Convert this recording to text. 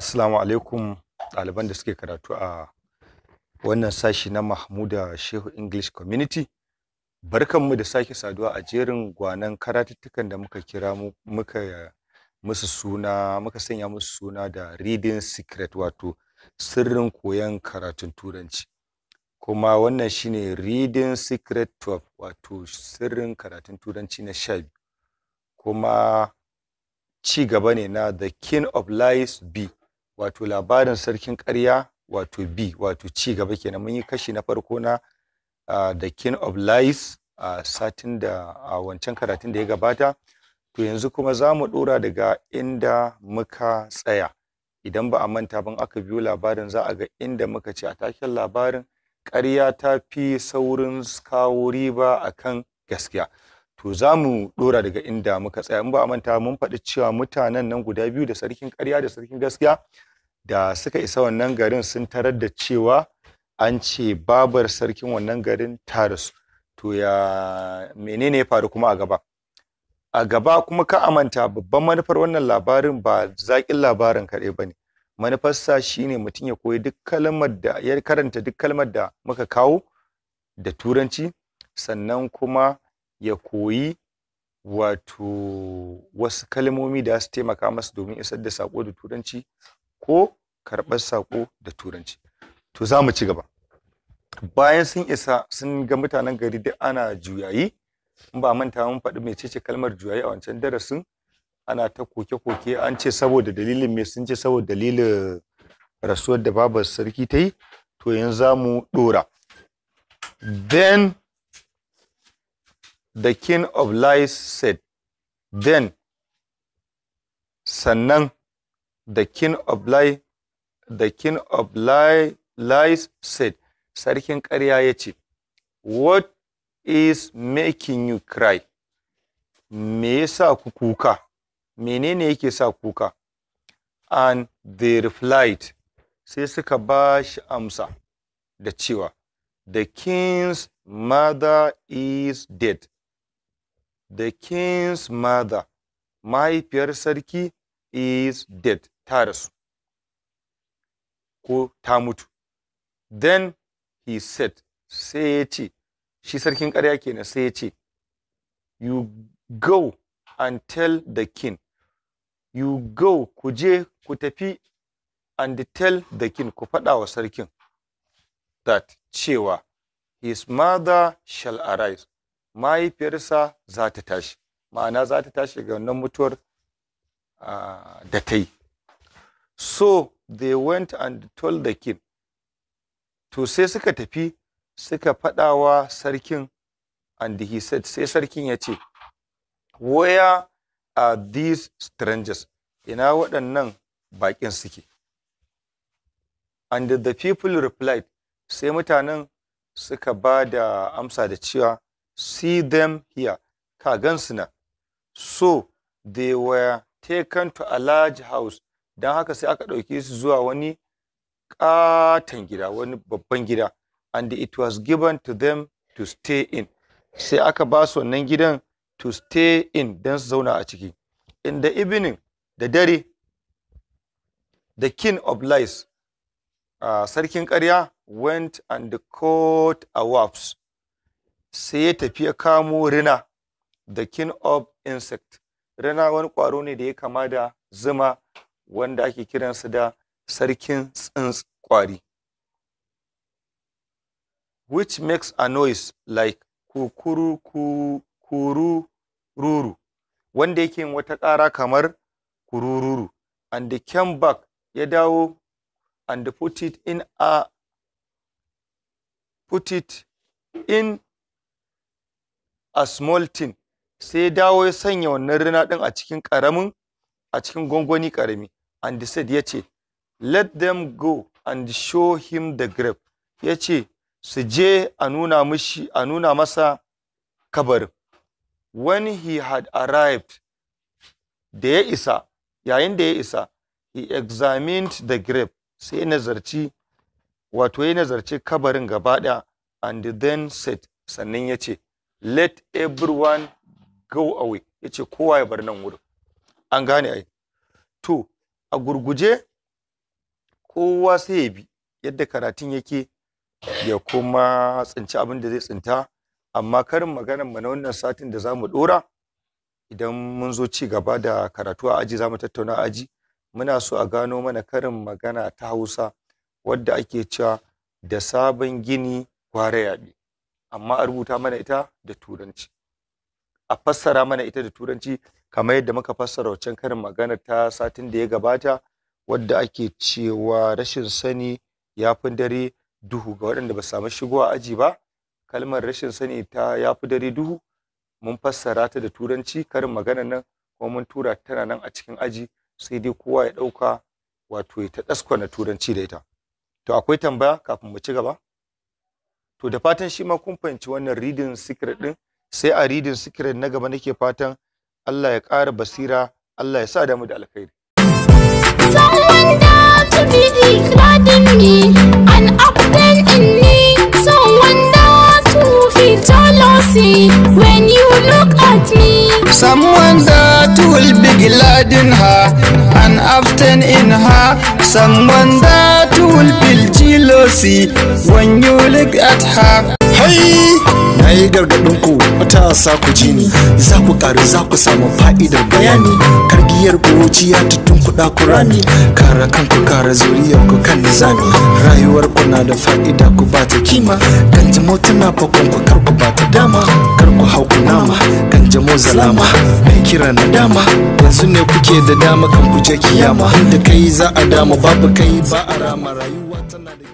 Assalamu alaikum ɗaliban da suke karatu a wannan sashi na Mahmuda Shehu English Community. Barkanmu da sake saduwa a jerin gwanan karatuttukan da muka kira muka musu suna muka sanya musu suna da Reading Secret wato sirrin koyon karatun Turanci. Kuma wannan shine Reading Secret 12 wato sirrin karatun Turanci na sha Kuma ci gaba ne na The King of Lies B wato labarin sarkin karya wato B wato ci gaba kenan mun yi kashi na farko na The King of Lies a satin da a wancan karatun da ya gabata to yanzu kuma za mu ɗora daga inda muka tsaya idan ba a manta ban aka biyo labarin za a ga inda muka ce a taken labarin karya ta fi saurin kawo riba kan gaskiya to za mu ɗora daga inda muka tsaya in ba a manta mun faɗi cewa mutanen nan guda biyu da sarkin karya da sarkin gaskiya da suka isa wannan garin sun tarar da cewa an ce babar sarkin wannan garin ta rasu to ya menene ya faru kuma a gaba a gaba kuma ka amanta babban manufar wannan labarin ba zaƙin labarin kaɗai ba ne manufarsa shine mutum ya koyi duk kalmar da ya karanta duk kalmar da muka kawo da turanci sannan kuma ya koyi wato wasu kalmomi da su taimaka masa domin isar da saƙo da turanci ko karɓar sako da turanci to za mu ci gaba bayan sun isa sun ga mutanen gari duk ana juyayi in ba manta mun faɗi mai cece kalmar juyayi a wancan darasin ana ta koke-koke an ce saboda dalilin me sun ce saboda dalilin rasuwar da babar sarki ta yi to yanzu za mu ɗora then the king of lies said then sannan the king of lies the king of lies said, Sarkin ƙarya ya ce, What is making you cry? Me yasa ku kuka? Menene yake sa kuka? And they replied, sai suka ba shi amsa da cewa, The king's mother is dead. The king's mother, mahaifiyar sarki is dead, ta rasu. ko ta mutu then he said sai ya ce shi sarkin ƙarya kenan sai ya ce you go and tell the king you go ku je ku tafi and tell the king ku faɗa wa sarkin that cewa his mother shall arise mahaifiyarsa za ta tashi ma'ana za ta tashi ga wannan mutuwar ah, da ta yi So they went and told the king. To sai suka tafi suka faɗawa sarkin and he said sai sarkin ya ce, Where are these strangers? Ina waɗannan baƙin suke. And the people replied, sai mutanen suka ba da amsa da cewa, See them here, ka su na So they were taken to a large house don haka sai aka ɗauke su zuwa wani ƙaton gida wani babban gida and it was given to them to stay in sai aka ba su wannan gidan to stay in don su zauna a ciki in the evening da dare the king of lies uh, sarkin ƙarya went and caught a wasp sai ya tafi ya kamo rina the king of insect rina wani ƙwaro ne da ya kama da zuma wanda ake kiransa da sarkin tsuntsu kwari which makes a noise like kukuru ruru, wanda yake yin wata ƙara kamar kururu, and the came back ya dawo and put it in a put it in a small tin sai dawo ya sanya wannan rina din a cikin karamin a cikin gwangwani karami and said ya ce let them go and show him the grave ya ce su je a nuna mishi a nuna masa kabarin when he had arrived da ya isa yayin da ya isa he examined the grave sai nazarci wato ya nazarci kabarin gaba ɗaya and then said sannan ya ce let everyone go away ya ce kowa ya bar nan wurin an gane ai to a gurguje kowa sai ya bi yadda karatun yake ya kuma tsinci abin da zai tsinta amma karin maganar mu na wannan satin da za mu dora idan mun zo ci gaba da karatu a aji za mu tattauna aji muna so a gano mana karin magana ta Hausa wadda ake cewa da sabon gini kwara yaɓe amma a rubuta mana ita da turanci a fassara mana ita da turanci kamar yadda muka fassara wancan karin magana ta satin da ya gabata wadda ake cewa rashin sani ya fi dare duhu ga waɗanda ba samu shigowa aji ba kalmar rashin sani ta ya fi dare duhu mun fassara ta da turanci karin magana nan kuma mun tura tana nan a cikin aji sai dai kowa ya ɗauka wato ya ta ɗaskwana turanci da ita to akwai tambaya kafin mu ci gaba to da fatan shi ma kun fahimci wannan reading secret din sai a reading secret na gaba nake fatan Allah ya ƙara basira Allah ya sa damu da alkhairi When you look at me Someone that will be glad in her And often in her Someone that will feel jealousy When you look at her Hey! na yi gargaɗin ku matasa ku ji ni za ku ƙaru za ku samu fa'idar bayani kargiyar ya tuttun kuɗa ku rani kara kanku kara zuriyar ku kan nizami rayuwar ku na da fa'ida ku ba ta kima kan jamo tana fakon ku kar ku ba ta dama kar ku hau ku nama kan jamo zalama mai kira na dama yanzu ne kuke da dama kan ku je kiyama da kai za a dama babu kai ba a rama rayuwa tana da